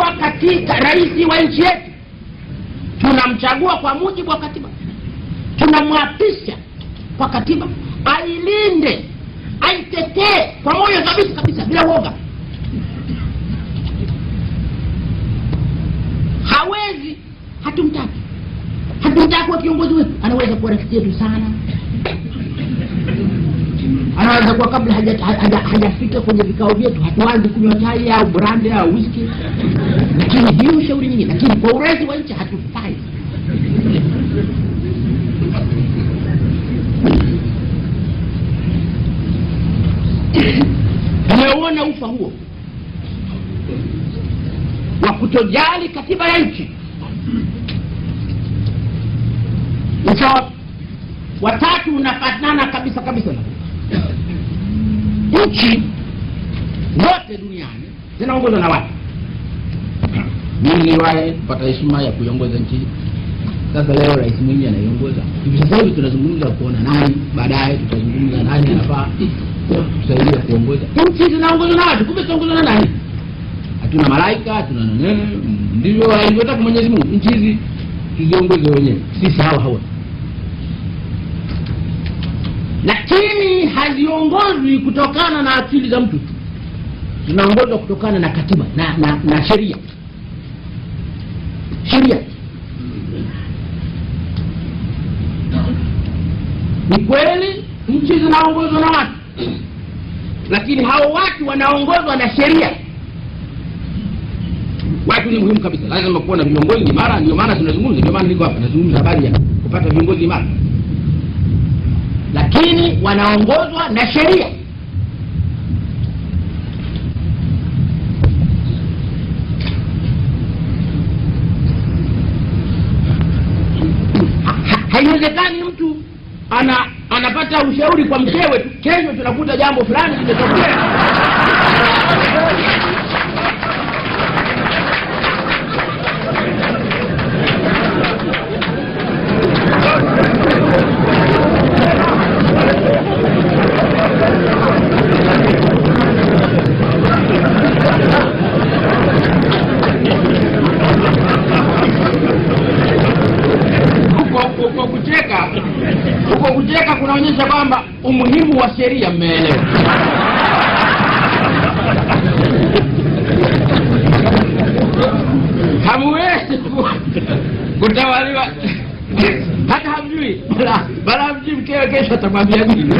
tunamchagua katika rais wa nchi yetu, tunamchagua kwa mujibu wa katiba, tunamwapisha kwa katiba, ailinde, aitetee kwa moyo thabiti kabisa, bila uoga. Hawezi, hatumtaki, hatumtaki wa kiongozi wetu. Anaweza kuwa rafiki yetu sana anaweza kuwa kabla hajafika haja, haja kwenye vikao vyetu, hatuanzi kunywa chai au brandi au whisky, lakini hiyo ushauri nyingine, lakini kwa urais wa nchi hatufai. Tumeuona ufa huo wa kutojali katiba ya nchi. Ufa watatu unafanana kabisa kabisa nchi zote duniani zinaongozwa na watu. Mimi wae pata heshima ya kuiongoza nchi. Sasa leo Rais Mwinyi anaiongoza. Hivi sasa hivi tunazungumza kuona nani baadaye, tutazungumza nani anafaa tusaidia kuongoza nchi. Zinaongozwa na watu, kumbe zinaongozwa na nani? Hatuna malaika, hatuna nn Ndivyo alivyotaka Mwenyezi Mungu nchi hizi tuziongoze wenyewe sisi, hawa hawa lakini haliongozwi kutokana na akili za mtu tu, zinaongozwa kutokana na katiba na, na, na sheria sheria. Ni kweli nchi zinaongozwa na watu, lakini hao watu wanaongozwa na sheria. Watu ni muhimu kabisa, lazima kuwa na viongozi imara. Ndio maana tunazungumza, ndio maana niko hapa nazungumza habari ya kupata viongozi imara lakini wanaongozwa na sheria. Haiwezekani mtu ana anapata ushauri kwa mkewe kenywe kesho tunakuta jambo fulani kimetokea huko kucheka, huko kucheka kunaonyesha kwamba umuhimu wa sheria mmeelewa. Hamuwezi kutawaliwa hata hamjui, bala hamjui mkewe kesho atakwambia nini.